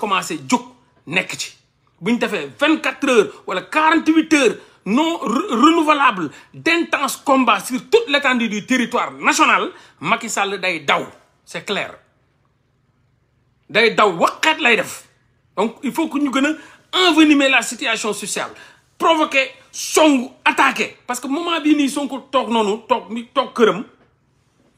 commencé jóg nekk ci bu ñu defee vingt quatre heures wala quarante huit heures non renouvelable d' intense combat sur toute l' étendue du territoire national Macky Sall day daw c' est clair day daw waxeet lay def donc il faut que ñu gën a envenimer la situation sociale provoquer songu attaquer parce que moment bii nii Sonko toog noonu toog mi toog këram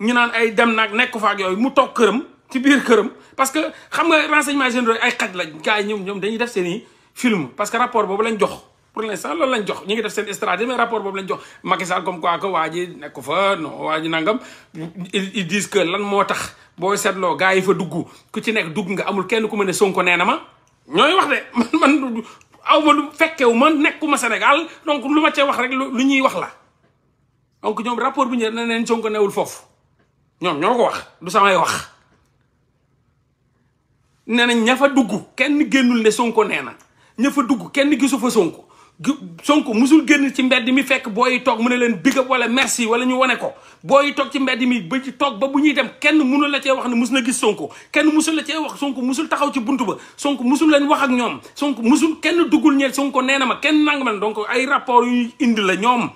ñu naan ay dem nag nekk fa yooyu mu toog këram. ci biir këram parce que xam nga renseignement généraux ay xaj lañ gars yi ñoom ñoom dañuy def seen i film parce que rapport boobu lañ jox pour l'instant loolu lañ jox ñu ngi def seen stratégie mais rapport boobu lañ jox Macky Sall comme waa ji fa waa ji nangam ils disent lan moo tax boo seetloo gars yi fa dugg ku ci nekk dugg nga amul kenn ku ma ne Sonko nee na ma wax de man man aw ma lu fekkewu ma Sénégal donc lu ma cee wax rek lu ñuy wax la donc ñoom rapport bu ñu ne neen Sonko newul foofu ñoom ñoo ko wax du samay wax nee nañ ña fa dugg kenn génnul ne Sonko nee na ña fa dugg kenn gisu fa Sonko Sonko musul génn ci mbedd mi fekk booy toog mu ne leen big up wala merci wala ñu wane ko booy toog ci mbedd mi ba ci toog ba bu ñuy dem kenn mënu la cee wax ne mus na gis Sonko kenn musul la cee wax sunk musul taxaw ci buntu ba Sonko musul leen wax ak ñoom Sonko musul kenn duggul ñeent Sonko nee na ma kenn nangu ma donc ay rapport yu indi la ñoom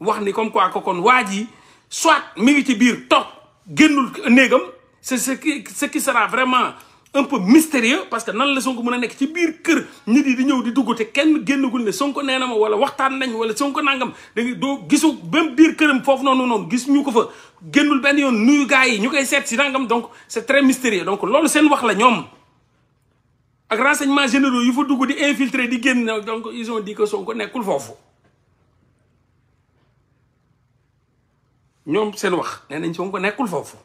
wax ni comme quoi ko kon waa ji soit mi ngi ci biir toog génnul néegam c'est ce qui ce vraiment un peu mystérieux parce que nan la Sonko mën a nekk ci biir kër nit yi di ñëw di dugg te kenn génnagul ne sonk nee na ma wala waxtaan nañ wala sonk nangam da doo gisu même biir këram foofu noonu noonu gis ñu ko fa génnul benn yoon nuyu gars yi ñu koy seet si nangam donc c'est très mystérieux donc loolu seen wax la ñoom ak renseignement généraux yu fa dugg di infiltrer di génn donc ils ont dit que Sonko nekkul foofu ñoom seen wax nee nañ Sonko nekkul foofu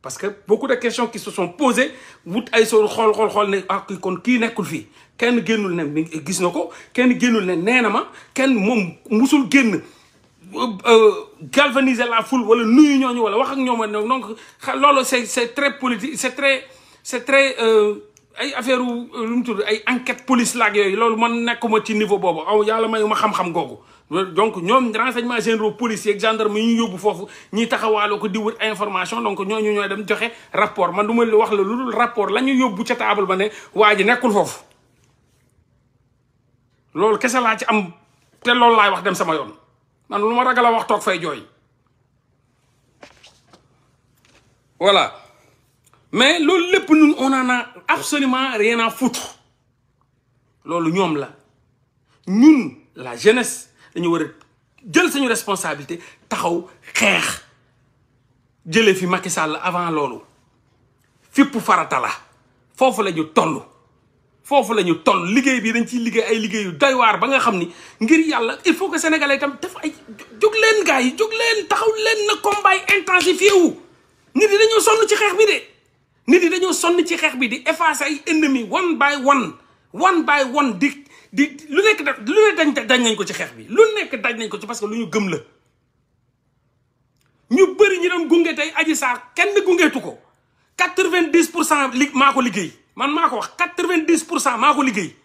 parce que beaucoup de questions qui se sont posées wut ay soo xool xool xool ne ah kon kii nekkul fii kenn génnul ne gis na ko kenn génnul ne nee na ma kenn moom musul génn euh, euh, galvaniser la foule wala nuyu ñooñu wala wax ak ñoom ak donc loolu c'est c'est très politique c'est très c'est très. Euh, ay affaire lu euh, mu tudd ay enquête police laak yooyu loolu man nekkuma ci niveau boobu aw yàlla mayuma xam-xam googu donc ñoom renseignement généraux policiers ak gendarme yi ñu yóbbu foofu ñuy taxawaaloo ko di wut information donc ñooñu ñooy dem joxe rapport man du ma wax la lu dul rapport la ñu yóbbu ca taabal ba ne waa ji nekkul foofu loolu kese laa ci am te loolu laay wax dem sama yoon man lu ma ragal a wax toog fay jooy voilà mais loolu lépp ñun on absolument rien à foutre loolu ñoom la ñun la jeunesse dañu war a jël sañu responsabilité taxaw xeex jëlee fi Macky Sall avant loolu fipp farata la foofu la ñu toll foofu lañu ñu liggéey bi dañ ciy liggéey ay liggéey yu ba nga xam ni ngir yàlla il faut que sénégalais itam def ay jóg leen gars yi jóg leen taxaw leen na combat intensifié wu nit yi dañoo ci xeex bi de nit yi dañoo sonn ci xeex bi di effacer ay ennemi one by one one by one di di lu nekk da lu nekk dañ dañ nañ ko ci xeex bi lu nekk dañ nañ ko ci parce que lu ñu gëm la ñu bëri ñi doon gunge tey aji saar kenn gungeetu ko quatre-vingt-dix pour cent li maa ko liggéey man maa ko wax quatre vingt pour cent maa ko liggéey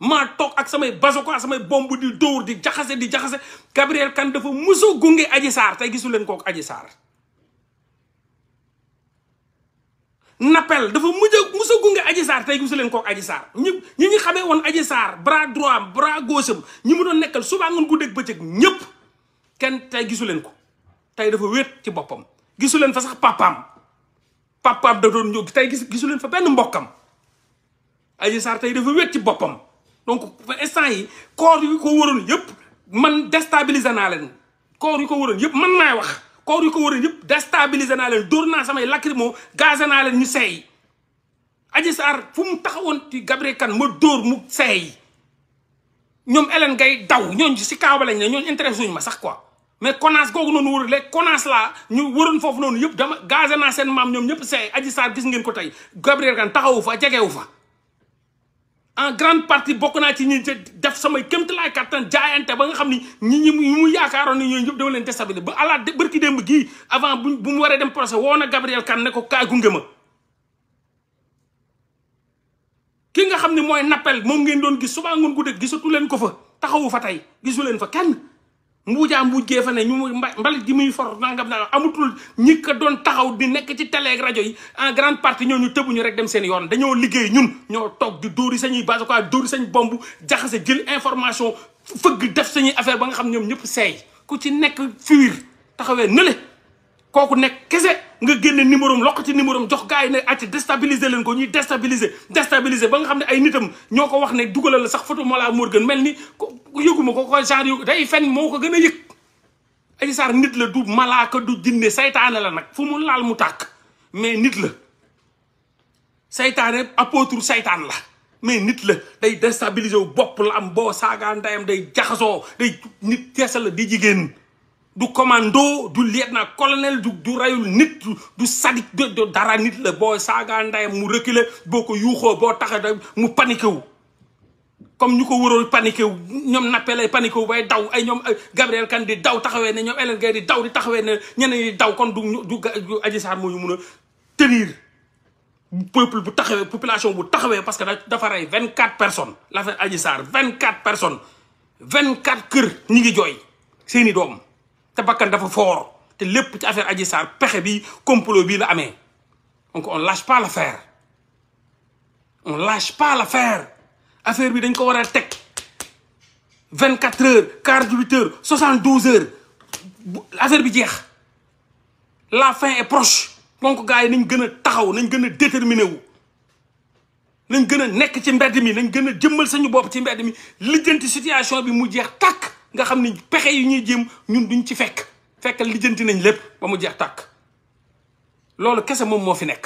maa toog ak samay bazoko ak samay bomb di dóor di jaxase di jaxase Gabriel Kane dafa musoo gunge aji saar tey gisu leen kook aji saar Napel dafa mujj a mus a gunge Adji tey gisu leen kook Adji Sarr ñi ñi ñu xamee woon Adji Sarr bras droit am bras gauche am ñi mu doon nekkal suba ngoon guddeeg bëccëg ñépp kenn tey gisu leen ko tey dafa wéet ci boppam gisu leen fa sax papaam papaam da doon ñëw tey gis gisu fa benn mbokkam Adji Sarr tey dafa wéet ci boppam donc instant yi corps yu ko waroon yëpp man déstabiliser naa leen corps yu ko waroon yëpp man maay wax corps yu ko wër yëpp déstabiliser naa leen door naa samay lacrymo gazé naa leen ñu seey Adji Sarr fu mu taxawoon ti Gabriel kan ma door mu seey ñoom Hélène Gaye daw ñooñ si kaaba lañ ne ñooñu intéressé ma sax quoi mais connasse googu noonu wër les connasse laa ñu wëroon foofu noonu yëpp dama gazé naa seen maam ñoom ñëpp seey Adji Sarr gis ngeen ko tey Gabriel Kane taxawu fa jegewu fa en grande partie bokk naa ci ñi def samay kéemtalaay kattan jaayante ba nga xam ni ñi ñi mu yaakaaroon ni ñooñu ñëpp dama leen déstabiliser ba à la bërki démb gii avant bu bu mu waree dem procès woo na Gabriel Kane ne ko kaay gunge ma ki nga xam ne mooy nappel moom ngeen doon gis suba ngoon guddeeg gisatu leen ko fa taxawu fa tey gisu leen fa kenn mbuujaa mbuuj gee fa ne ñu mbalit gi muy for nangam ne amatul ñi ko doon taxaw di nekk ci télé rajo yi en grande partie ñoo ñu tëbuñu rek dem seen yoon dañoo liggéey ñun ñoo toog di dóori sañuy base quoi dóori sañ bomb jaxase jël information fëgg def sañuy affaire ba nga xam ñoom ñëpp seey ku ci nekk fuir taxawee nële kooku nekk kese nga génne numéro am lokk ci numéro jox gars yi ne acci déstabiliser leen ko ñuy déstabiliser déstabiliser ba nga xam ne ay nitam ñoo ko wax ne dugalal la sax photo Mollah Morgun mel ni yëguma ko ko day fen moo ko gën a yëg Adji Sarr nit la du malaaka du jinne saytaane la nag fu mu laal mu tàkk mais nit la saytaane apôtre saytaan la mais nit la day déstabiliser wu bopp la am boo saagaa ndeyam day jaxasoo day nit keesa la di jigéen du commando du naa colonel du du rayul nit du sadik de dara nit la boo saaga ndayam mu reculer boo ko yuuxoo boo tax mu paniqué wu comme ñu ko waroon paniqué wu ñoom nappee lay paniqué bay daw ay ñoom Gabriel Kane di daw taxawee ne ñoom Hélène Gueye di daw di taxawee ne ñeneen di daw kon du du Adji Sarr moo ñu mun a tenir peuple bu taxawee population bu taxawee parce que dafa rey vingt quatre personnes a Adji Sarr vingt quatre personnes vingt quatre kër ñi ngi jooy seeni doom te bakkan dafa fort te lépp ci affaire Adji Sarr pexe bi complot bii la amee donc on lâche pas l'affaire on lâche la l'affaire affaire bi dañ ko war a teg vingt quatre heures quarante huit heures soixante douze heures affaire bi jeex la fin et proche konk gaa yi nañ gën a taxaw nañ gën a déterminé wu nañ gën a nekk ci mbedd mi nañ gën a jëmmal sañu bopp ci mbedd mi lijjanti situation bi mu jeex takk nga xam ni pexe yu ñuy jéem ñun duñ ci fekk fekk lijjanti nañ lépp ba mu jeex tàkk loolu kese moom moo fi nekk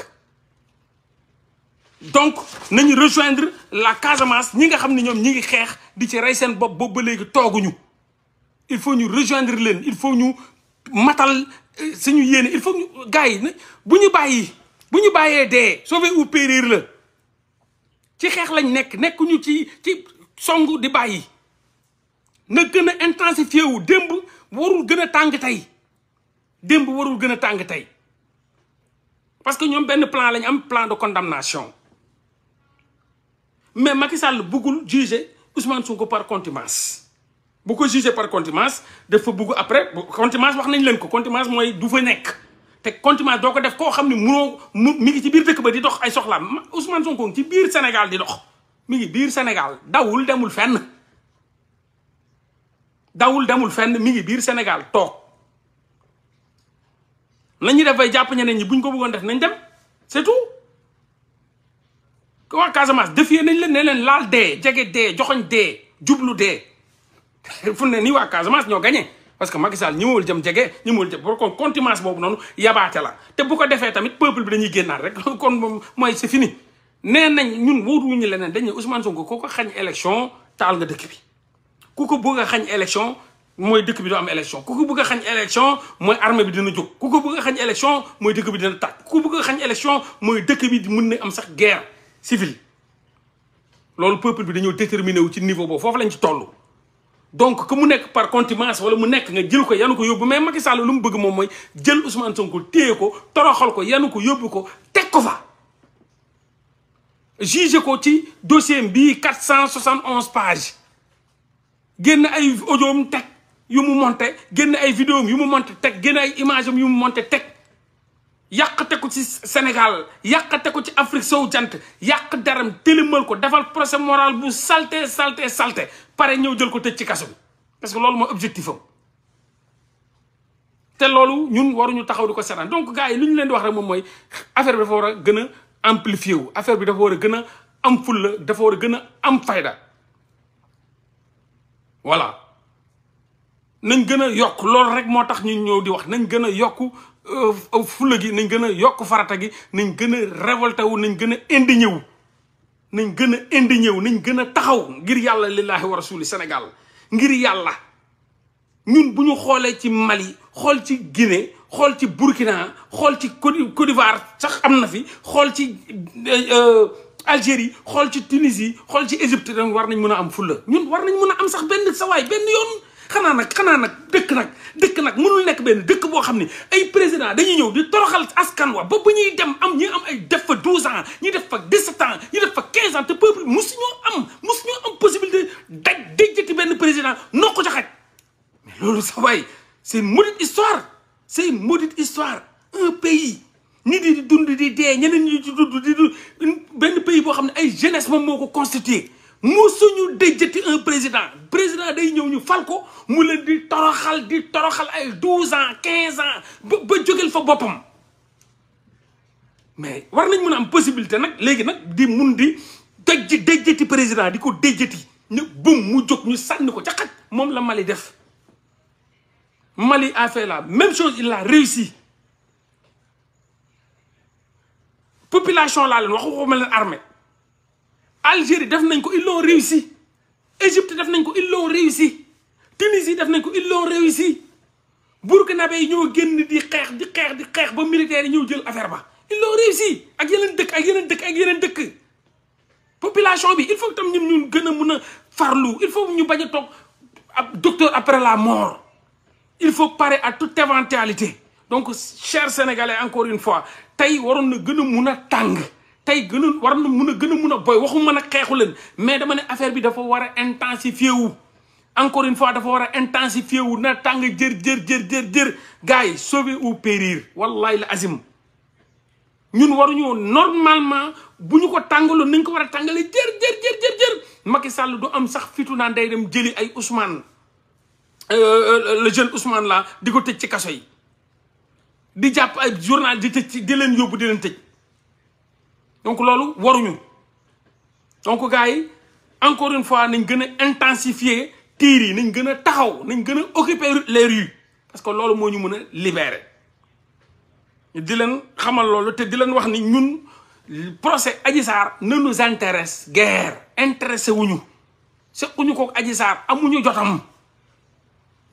donc nañu rejoindre la Casamance ñi nga xam ni ñoom ñi ngi xeex di ci rey seen bopp boobu ba léegi tooguñu il faut ñu rejoindre leen il faut ñu matal euh, suñu yéene il faut ñu gars yi bu ñu bàyyi bu ñu bàyyee dee sauver ou périr la ci xeex lañ nekk nekkuñu ci ci song di bàyyi na gën a intensifié wu démb warul gën a tàng tey démb warul gën a tàng tey parce que ñoom benn plan lañu am plan de condamnation mais Macky buggul bëggul juger Ousmane Sonko par contumace bu ko juger par def fa bëgg après contumace wax nañ leen ko contumace mooy du fa nekk te contumace doo ko def koo xam ne munoo mu mi ngi ci biir dëkk ba di dox ay soxlaam Ousmane Sonko ci biir Sénégal di dox mu ngi biir Sénégal dawul demul fenn. dawul demul fenn mi ngi biir Sénégal toog nañu def bay jàpp ñeneen ñi buñ ko bëggoon def nañ dem c'est tout ko waa Casamance defee nañ leen ne leen laal dee jege dee joxoñ dee jublu dee fu ne nii waa Casamance ñoo gañe parce que Macky Sall ñëwul jëm jege ñëwul jëm kon contimence boobu noonu yabaate la te bu ko defee tamit peuple bi dañuy génnaat rek kon moom mooy c'est nee nañ ñun wóotuwuñu leneen dañ ne Ousmane Sonko koo ko xañ élection taal nga dëkk bi ku ko bëgg a xañ élection mooy dëkk bi du am élection ku ko bëgg a xañ élection mooy armée bi dina jóg ku ko bëgg a xañ élection mooy dëkk bi dina tàkk ku ko bëgg a xañ élection mooy dëkk bi mun na am sax guerre civile loolu peuple bi dañoo déterminé wu ci niveau boobu foofu lañ ci toll donc que mu nekk par contumace wala mu nekk nga jël ko yanu ko yóbbu mais Macky Sall lu mu bëgg moom mooy jël Ousmane Sonko téye ko toroxal ko yanu ko yóbbu ko teg ko fa jugé ko ci dossier bii 471 pages génn ay audio teg yu mu monté génn ay vidéo am yu mu monté teg génn ay image am teg yàqate ko ci Sénégal te ko ci Afrique sow jant yàq daram tëlimal ko defal procès moral bu salte salté salté pare ñëw jël ko tëj ci kaso parce que loolu mooy objectif te loolu ñun waruñu taxaw di ko seetaan donc gars yi li ñu leen di wax rek moom mooy affaire bi dafa war a gën a amplifié wu affaire bi dafa war a gën a am fulla dafa war a gën a am fayda voilà nañ gën a yokk loolu rek moo tax ñu ñëw di wax nañ gën a yokk euh, fulla gi nañ gën a yokk farata gi nañ gën a révolté wu nañ gën a indigné wu nañ gën a indigné wu nañ gën a taxaw ngir yàlla lillaahi wa rasuli senegal ngir yàlla ñun bu ñu xoolee ci Mali xool ci Guinée xool ci Burkina xool ci Côte d'Ivoire sax am na fi xool ci euh, euh, Algérie xool ci Tunisie xool ci Égypte dañ war nañ mën a am fulla ñun war nañ mun a am sax benn sawaay benn yoon xanaa nag xanaa nag dëkk nag dëkk nag mënul nekk benn dëkk boo xam ne ay président dañuy ñëw di toroxal askan wa ba ba ñuy dem am ñi am ay def fa 12 ans ñi def fa 17 ans ñi def fa 15 ans te peuple musu ñoo am musu ñoo am possibilité daj ti benn président noo ko joxe mais loolu sawaay c'est une maudite histoire c'est une maudite histoire un pays nit yi di dund di dee ñeneen ñi di dund di benn pays boo xam ne ay jeunesse moom moo ko constitué mu suñu déjati un président président day ñëw ñu fal ko mu leen di toroxal di toroxal ay douze ans quinze ans ba ba jógal fa boppam mais war nañ mun a am possibilité nag léegi nag di mun di dëjj déjati président di ko déjati ñu bum mu jóg ñu sànni ko ca moom la Mali def Mali a la même chose il a réussi population laa leen wax waxuma leen armée Algérie def nañ ko ils réussi Égypte def nañ ko ils l'ont réussi Tunisie def nañ ko ils l'ont réussi Burkinabé yi ñoo génn di xeex di xeex di xeex ba militaire yi ñëw jël affaire ba ils l'ont réussi ak yeneen dëkk ak yeneen dëkk ak yeneen dëkk population bi il faut tam ñu ñun gën a mun a farlu il faut ñu bañ a toog ab docteur après la mort il faut pare à tout éventualité donc chers sénégalais encore une fois tey waroon na gën a mun a tàng tey gën a war na mun a gën a mun a boy waxuma na xeexu leen mais dama ne affaire bi dafa war a intensifier wu. encore in fois dafa war a intensifier wu na tàng jër jër jër jër jër gars yi sauver ou périr wallahi la azim ñun waruñu normalement bu ñu ko tàngaloon nañ ko war a tàngalee jër jër jër jër jër Macky du am sax fitu naan day dem jëli ay Ousmane euh, euh, le jeune Ousmane la di ko tëj ci kaso yi. di jàpp ay journal di tëj ci di leen yóbbu di leen tëj donc loolu waruñu donc gars yi encore une fois nañ gën a intensifier tiir yi nañ gën a taxaw nañ gën a occuper les rues parce que loolu moo ñu mën a libérer di leen xamal loolu te di leen wax ni ñun procès Adji Sarr ne nous intéresse guère intéressé wuñu sequñu ko aji Sarr amuñu jotam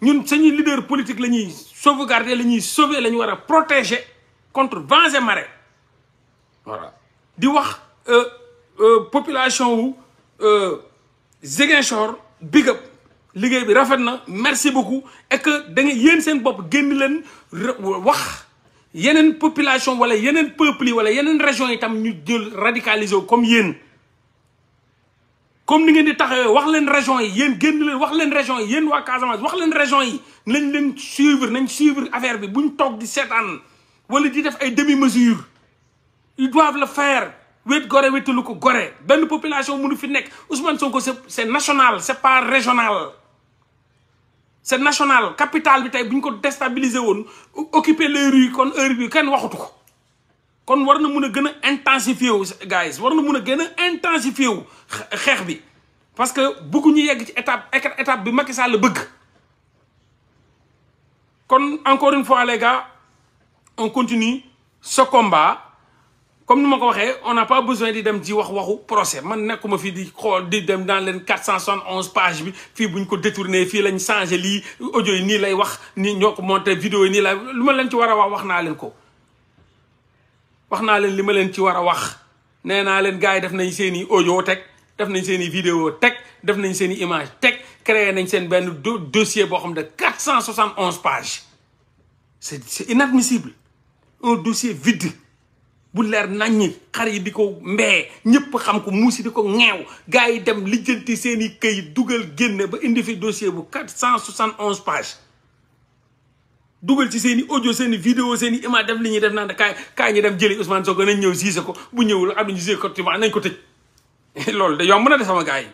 ñun sañuy leader politique la ñuy sauvegarder la ñuy sauver la ñu war a protéger contre vents et marées voilà di wax euh, euh, population wu euh, Ziguinchor big liggéey bi rafet na merci beaucoup et que da nga yéen seen bopp génn leen wax yeneen population wala yeneen peuples yi wala yeneen régions yi tam ñu jël radicaliser comme yéen comme ni ngeen di taxe wax leen région yi yéen génn leen wax leen région yi yéen waa Casamance wax leen région yi nañ leen suivre nañ suivre affaire bi bu ñu toog di seetaan wala di def ay demi mesure ils doivent le faire wet gore wetalu ko gore benn population mënu fi nekk Ousmane Sonko c'est c'est national c'est pas régional c'est national capital bi tey bu ñu ko déstabiliser woon occuper les yi kon heure bi kenn waxatu ko kon war na mun a gën a intensifier wu guys war na mun a gën a intensifier wu xeex bi parce que bëgguñu yegg ci étape étape bi Macky Sall la bëgg kon encore une fois les gars on continue ce combat comme ni ma ko waxee on n'a pas besoin di dem ji wax waxu procès man nekkuma fii di xool di dem dans leen quatre cent soixante onze page bi fii buñ ko détourné fii lañ changé lii audio yi nii lay wax nii ñoo ko monté vidéo yi nii lay lu ma leen ci war a wax wax naa leen ko wax naa leen li ma leen ci war a wax nee naa leen gars yi def nañ seen i audio teg def nañ seen i vidéo teg def nañ seen i image teg créé nañ seen benn dossier boo xam ne quatre cent soixante onze pages c'est c'est inadmissible un dossier vide bu leer naññi xar yi di ko mbee ñëpp xam ko muusi di ko ŋeew gars yi dem lijjanti seen i këy dugal génne ba indi fi dossier bu quatre cent soixante onze pages dugal ci seen i audio seeni video vidéo seen i image def li ñuy def naan kaay kaay ñu dem jëli Ousmane Sonko nañ ñëw siise ko bu ñëwul am nañu siise ko tubaab nañ ko tëj loolu de yomb na de sama gars yi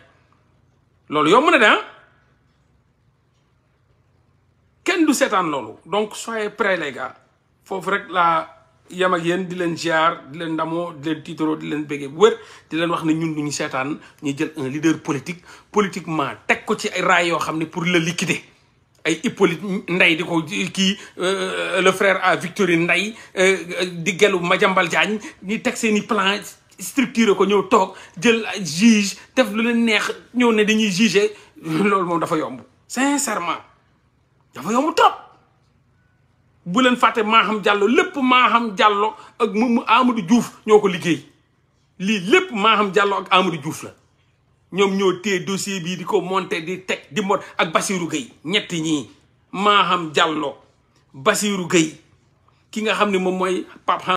loolu yomb na de ah kenn du seetaan loolu donc soyez prêts les gars foofu rek laa yem ak yéen di leen ziar di leen ndamoo di leen tiitaroo di leen béggee bu wér di leen wax ne ñun duñu seetaan ñu jël un leader politique politiquement teg ko ci ay raay yoo xam ne pour le liquider. ay Hippolyte Ndeye di ko kii euh, le frère à Victorine Ndeye euh, di gelu Madiambal Diagne ñi teg seen i plan structuré ko ñëw toog jël juge def lu leen neex ñëw ne dañuy juger loolu moom dafa yomb sincèrement dafa yomb trop bu leen fàtte Maham Diallo lépp Maham jàlloo ak mu Amadou Diouf ñoo ko liggéey lii lépp Maham Diallo ak Amadou Diouf la ñoom ñoo téye dossier bii di ko monter di teg di mot ak Bassirou Gueye ñetti ñii Maham Diallo Bassirou Gueye ki nga xam ni moom mooy Pape